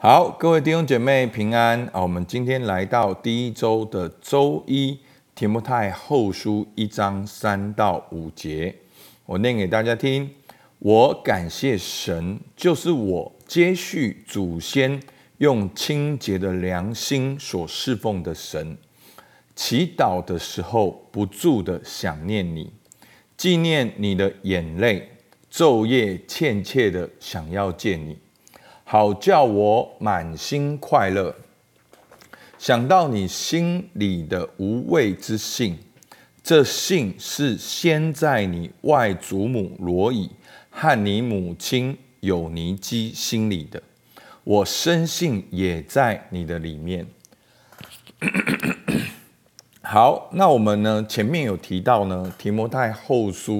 好，各位弟兄姐妹平安啊！我們今天來到第一周的周一，提摩太後書一章三到五節，我念給大家聽。我感謝神，就是我接續祖先用清潔的良心所侍奉的神。祈禱的時候不住的想念你，紀念你的眼淚，晝夜切切的想要見你。好叫我滿心快樂，想到你心裡的無偽之信，這信是先在你外祖母羅以和你母親友尼基心裡的，我深信也在你的裡面。好，那我們呢？前面有提到呢，《提摩太後書》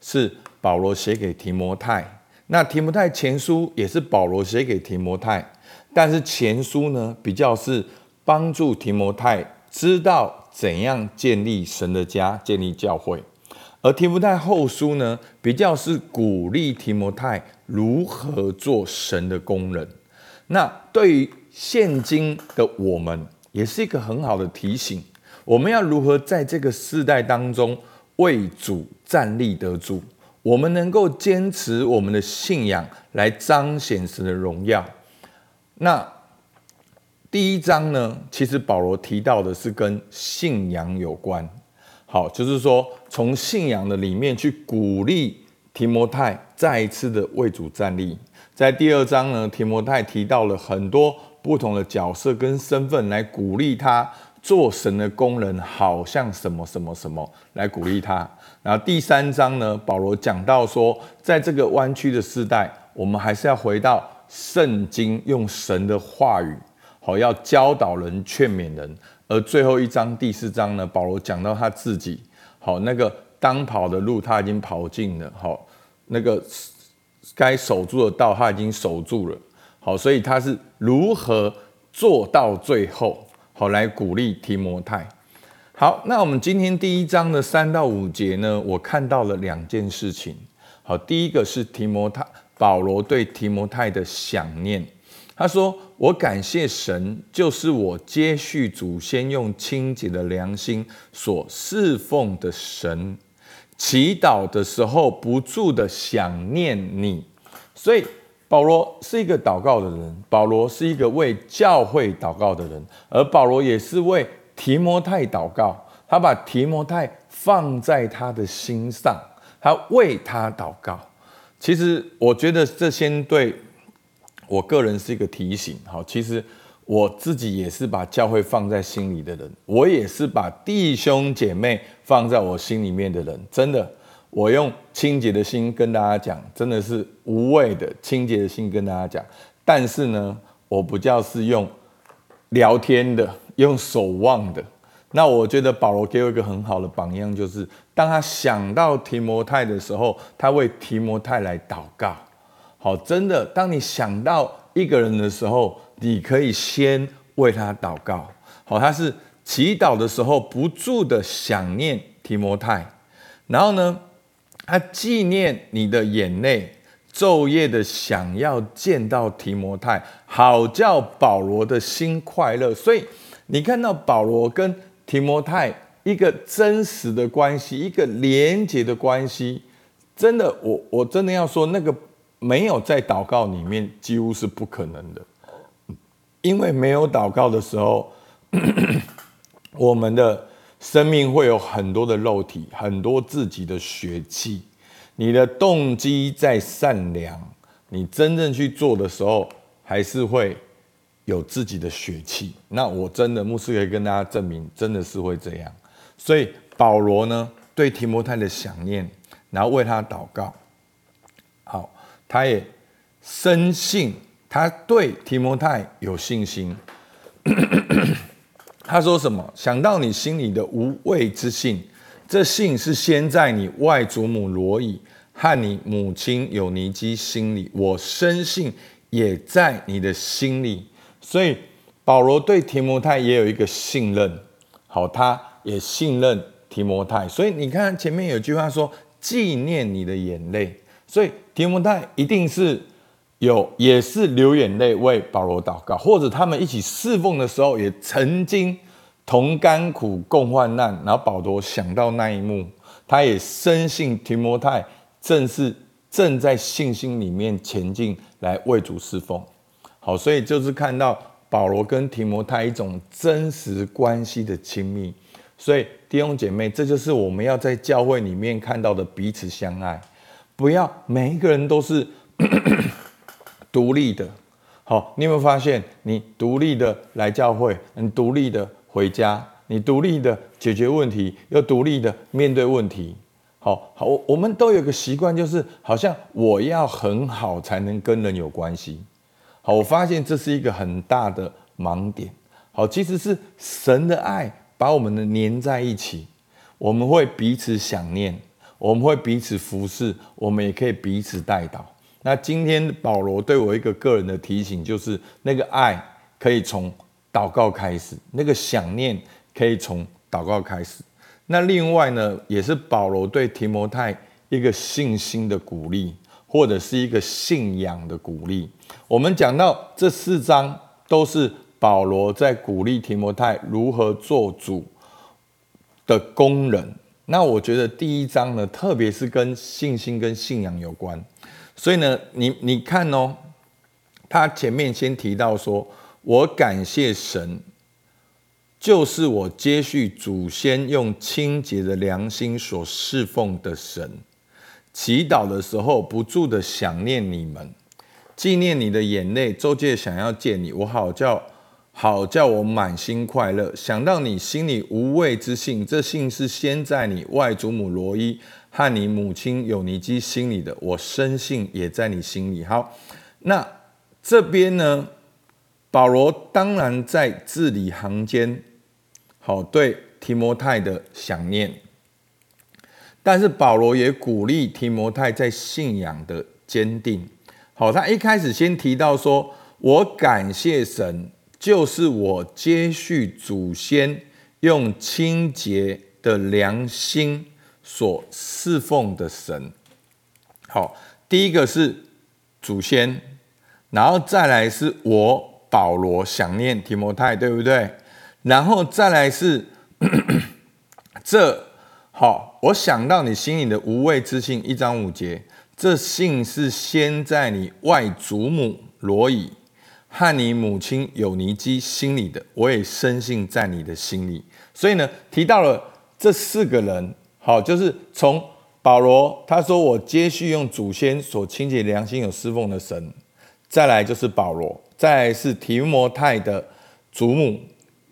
是保羅寫給提摩太。那提摩太前書也是保羅寫給提摩太，但是前書呢比較是幫助提摩太知道怎樣建立神的家、建立教會，而提摩太後書呢比較是鼓勵提摩太如何做神的工人。那對於現今的我們，也是一個很好的提醒：我們要如何在這個世代當中為主站立得住。我們能夠堅持我們的信仰來彰顯神的榮耀。那第一章呢，其實保羅提到的是跟信仰有關，好，就是說從信仰的裡面去鼓勵提摩太再一次的為主站立。在第二章呢，提摩太提到了很多不同的角色跟身份來鼓勵他。做神的工人好像什麼什麼什麼來鼓勵他。然後第三章呢，保羅講到說，在這個彎曲的世代，我們還是要回到聖經，用神的話語，好，要教導人、勸勉人。而最後一章、第四章呢，保羅講到他自己，好，那個當跑的路他已經跑盡了，好，那個該守住的道他已經守住了，好，所以他是如何做到最後。好，來鼓勵提摩太。好，那我們今天第一章的三到五節呢，我看到了兩件事情。好，第一個是提摩太保羅對提摩太的想念。他說：“我感謝神，就是我接續祖先用清潔的良心所事奉的神。祈禱的時候，不住的想念你。”所以。保羅是一個禱告的人，保羅是一個為教會禱告的人，而保羅也是為提摩太禱告。他把提摩太放在他的心上，他為他禱告。其實，我覺得這先對我個人是一個提醒。好，其實我自己也是把教會放在心裡的人，我也是把弟兄姐妹放在我心裡面的人，真的。我用清潔的心跟大家講，真的是無偽的清潔的心跟大家講。但是呢，我不叫是用聊天的，用守望的。那我覺得保羅給我一個很好的榜樣，就是當他想到提摩太的時候，他為提摩太來禱告。好，真的，當你想到一個人的時候，你可以先為他禱告。好，他是祈禱的時候不住的想念提摩太，然後呢？他紀念你的眼淚，晝夜的想要見到提摩太，好叫保羅的心快樂。所以，你看到保羅跟提摩太一個真實的關係，一個連結的關係。真的，我我真的要說，那個沒有在禱告裡面，幾乎是不可能的。因為沒有禱告的時候，咳咳我們的。生命會有很多的肉體，很多自己的血氣。你的動機在善良，你真正去做的時候，還是會有自己的血氣。那我真的牧師可以跟大家證明，真的是會這樣。所以保羅呢，對提摩太的想念，然後為他禱告。好，他也深信他對提摩太有信心。 他說什麼？想到你心裡的無偽之信，這信是先在你外祖母羅以和你母親友尼基心裡，我深信也在你的心裡。所以保羅對提摩太也有一個信任。好，他也信任提摩太。所以你看前面有句話說：紀念你的眼淚。所以提摩太一定是。有也是流眼淚為保羅禱告，或者他們一起侍奉的時候，也曾經同甘苦共患難。然後保羅想到那一幕，他也深信提摩太正是正在信心裡面前進來為主侍奉。好，所以就是看到保羅跟提摩太一種真實關係的親密。所以弟兄姐妹，這就是我們要在教會裡面看到的彼此相愛，不要每一個人都是。 獨立的，好，你有沒有發現，你獨立的來教會，你獨立的回家，你獨立的解決問題，又獨立的面對問題。好好，我們都有一個習慣，就是好像我要很好才能跟人有關係。好，我發現這是一個很大的盲點。好，其實是神的愛把我們粘在一起，我們會彼此想念，我們會彼此服侍，我們也可以彼此代禱。那今天保羅對我一個個人的提醒，就是那個愛可以從禱告開始，那個想念可以從禱告開始。那另外呢，也是保羅對提摩太一個信心的鼓勵，或者是一個信仰的鼓勵。我們講到這四章都是保羅在鼓勵提摩太如何做主的工人。那我覺得第一章呢，特別是跟信心跟信仰有關。所以呢，你你看哦，他前面先提到說，我感謝神，就是我接續祖先用清潔的良心所事奉的神。祈禱的時候不住的想念你們，紀念你的眼淚。晝夜想要見你，我好叫好叫我滿心快樂。想到你心裡無偽之信，這信是先在你外祖母羅以，和你母親友尼基心裡的，我深信也在你心裡。好，那這邊呢，保羅當然在字裡行間，好對提摩太的想念，但是保羅也鼓勵提摩太在信仰的堅定。好，他一開始先提到說：“我感謝神，就是我接續祖先，用清潔的良心。”所侍奉的神，好，第一個是祖先，然後再來是我保羅想念提摩太，對不對？然後再來是咳咳這好，我想到你心裡的無偽之信，一章五節，這信是先在你外祖母羅以和你母親友尼基心裡的，我也深信在你的心裡。所以呢，提到了這四個人。好，就是從保羅他說，我接續用祖先所清潔良心有侍奉的神，再來就是保羅，再來是提摩太的祖母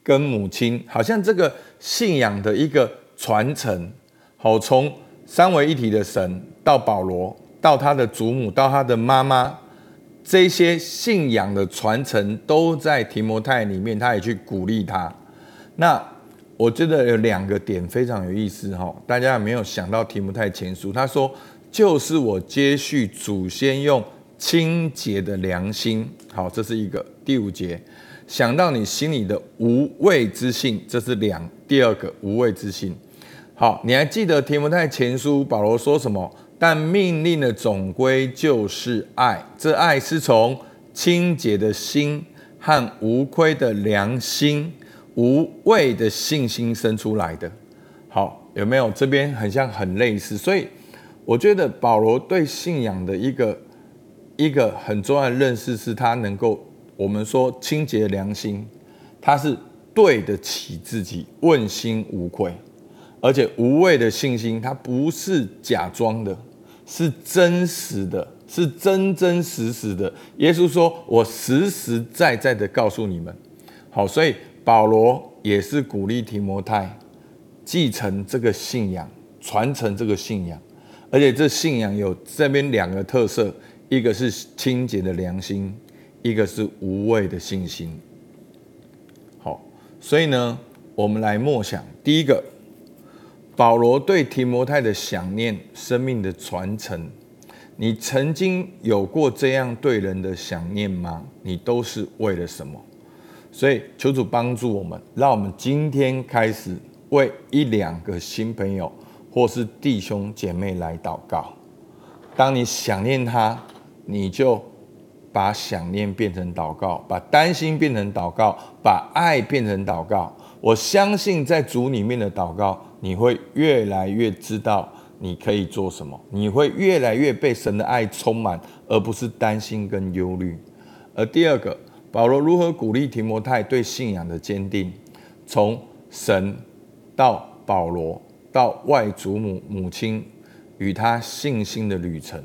跟母親，好像這個信仰的一個傳承。好，從三位一體的神到保羅，到他的祖母，到他的媽媽，這些信仰的傳承都在提摩太裡面，他也去鼓勵他。那。我覺得有兩個點非常有意思哈，大家有沒有想到。提摩太前書他說，就是我接續祖先用清潔的良心，好，這是一個第五節。想到你心裡的無偽之信，這是兩第二個無偽之信。好，你還記得提摩太前書保羅說什麼？但命令的總歸就是愛，這愛是從清潔的心和無虧的良心。無偽的信心生出來的，好有沒有？這邊很像，很類似。所以，我覺得保羅對信仰的一個一個很重要的認識，是他能夠我們說清潔良心，他是對得起自己，問心無愧。而且無偽的信心，他不是假裝的，是真實的，是真真實實的。耶穌說：“我實實在在的告訴你們，好，所以。”保羅也是鼓勵提摩太繼承這個信仰，傳承這個信仰，而且這信仰有這邊兩個特色，一個是清潔的良心，一個是無偽的信心。好，所以呢，我們來默想第一個，保羅對提摩太的想念，生命的傳承。你曾經有過這樣對人的想念嗎？你都是為了什麼？所以，求主幫助我們，讓我們今天開始為一兩個新朋友或是弟兄姐妹來禱告。當你想念他，你就把想念變成禱告，把擔心變成禱告，把愛變成禱告。我相信在主裡面的禱告，你會越來越知道你可以做什麼，你會越來越被神的愛充滿，而不是擔心跟憂慮。而第二個。保羅如何鼓勵提摩太對信仰的堅定？從神到保羅到外祖母母親與他信心的旅程。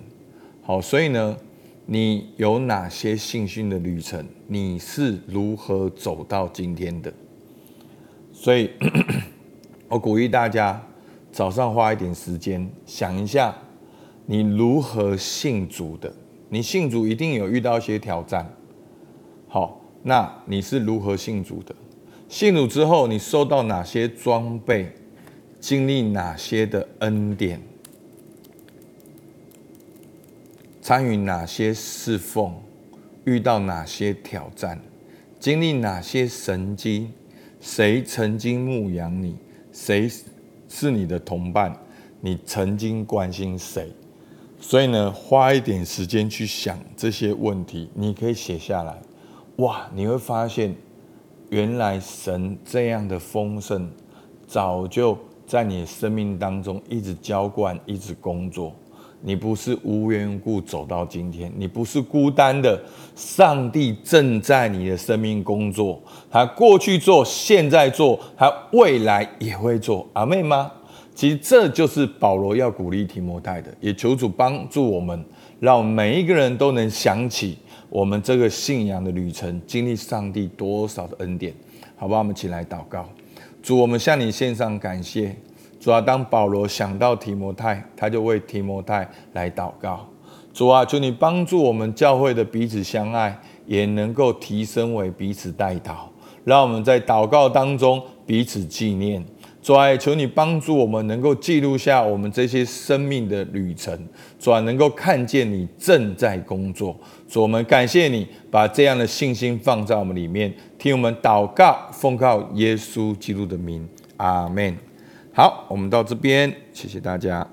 好，所以呢，你有哪些信心的旅程？你是如何走到今天的？所以我鼓勵大家早上花一點時間想一下，你如何信主的？你信主一定有遇到一些挑戰。好，那你是如何信主的？信主之後，你收到哪些裝備？經歷哪些的恩典？參與哪些侍奉？遇到哪些挑戰？經歷哪些神蹟？誰曾經牧養你？誰是你的同伴？你曾經關心誰？所以呢，花一點時間去想這些問題，你可以寫下來。哇，你會發現，原來神這樣的豐盛，早就在你的生命當中一直澆灌、一直工作。你不是無緣無故走到今天，你不是孤單的。上帝正在你的生命工作，他過去做，現在做，他未來也會做。阿們嗎？其實這就是保羅要鼓勵提摩太的，也求主幫助我們，讓每一個人都能想起我們這個信仰的旅程，經歷上帝多少的恩典，好不好？我們一起來禱告，主，我們向你獻上感謝。主啊，當保羅想到提摩太，他就為提摩太來禱告。主啊，求你幫助我們教會的彼此相愛，也能夠提升為彼此代禱，讓我們在禱告當中彼此紀念。主，求你幫助我們，能夠記錄下我們這些生命的旅程。主，能夠看見你正在工作。主，我們感謝你把這樣的信心放在我們裡面，聽我們禱告，奉靠耶穌基督的名，阿門。好，我們到這邊，謝謝大家。